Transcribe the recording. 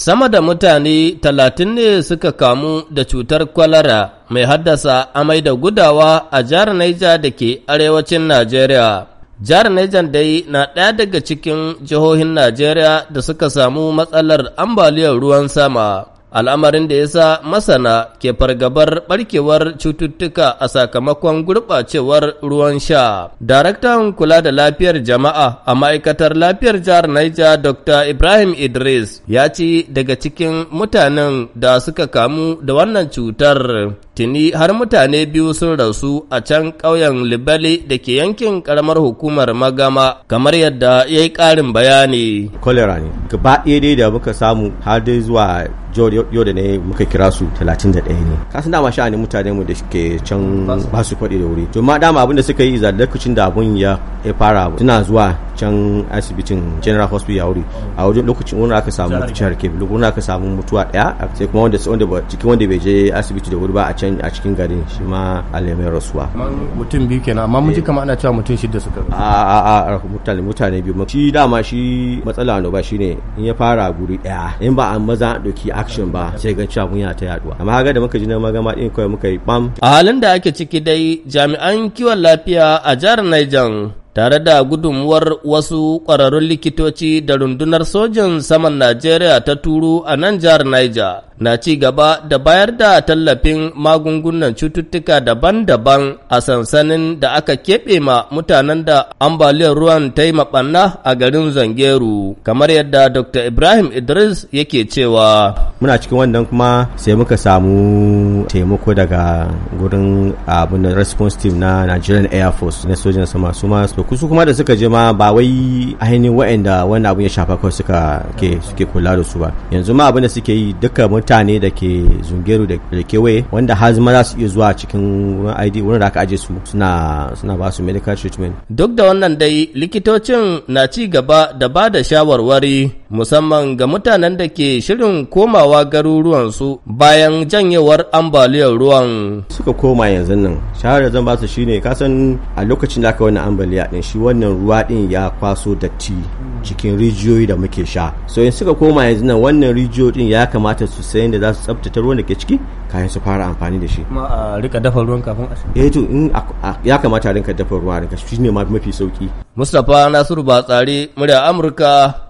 Sama da mutane talatin ne suka kamu da cutar kwalara mai haddasa amai da gudawa a jihar Niger da ke arewacin Najeriya. Jihar Niger dai na ɗaya daga cikin jihohin Najeriya da suka samu matsalar ambaliyar ruwan sama. al'amarin da ya sa masana ke fargabar barkewar cututtuka a sakamakon gurɓacewar ruwan sha. Daraktan kula da lafiyar jama'a a ma'aikatar lafiyar jihar Naija Dr. Ibrahim Idris ya ce daga cikin mutanen da suka kamu da wannan cutar tuni har mutane biyu sun rasu a can ƙauyen Libali da ke yankin ƙaramar hukumar Magama kamar yadda ya yi ƙarin bayani. Cholera ne, gaba ɗaya dai da muka samu har dai zuwa yau da ne muka kira su 31 ne ma dama ni mutane mu da ke can basu su da wuri to ma dama abin da suka yi za lokacin da abun ya fara suna zuwa can asibitin general hospital ya wuri a wajen lokacin wani aka samu mutuwa da kebe wani aka samu mutuwa daya sai kuma wanda cikin wanda bai je asibiti da wuri ba a can a cikin garin shi ma alamai rasuwa mutum biyu kenan amma mun ji eh. kamar ana cewa mutum shida suka a a a mutane mutane biyu shi dama shi matsala no ba shine in ya fara guri daya in ba an maza doki action ba sai ga cewa mun ta yaduwa amma kaga da muka ji na magama din kawai muka yi bam a halin da ake ciki dai jami'an kiwon lafiya a jihar Niger tare da gudunmuwar wasu ƙwararrun likitoci da rundunar sojin saman Najeriya ta turu a nan jihar Niger na ci gaba da bayar da tallafin magungunan cututtuka daban-daban a sansanin da aka keɓe ma mutanen da ambaliyar ruwan ta yi a garin Zangeru, kamar yadda Dr. Ibrahim Idris yake cewa. Muna cikin wannan kuma sai muka samu taimako daga gurin abin response team na Nigerian Air Force na sojan sama su ma su kuma da suka je ma ba wai ainihin wa'anda wannan abin ya shafa kawai suka ke kula da su ba yanzu ma abin da suke yi duka mutane da ke zungeru da kewaye wanda har zama za su iya zuwa cikin wurin ID wurin da aka aje su suna suna ba su medical treatment. Duk da wannan dai likitocin na ci gaba da ba da shawarwari musamman ga mutanen da ke shirin komawa garuruwansu bayan janyewar ambaliyar ruwan. Suka koma yanzu nan, shawarar zan ba su shine kasan a lokacin da aka wannan ambaliya din shi wannan ruwa din ya kwaso datti cikin rijiyoyi da muke sha. So in suka koma yanzu nan wannan rijiyo din ya kamata su sayan da za su tsabtace ruwan da ke ciki kayan su fara amfani da shi. kuma a rika dafa ruwan kafin a shi Eh to in ya kamata a rinka dafa ruwa rinka shine ne mafi sauki. Mustapha Nasiru Batsari, murya Amurka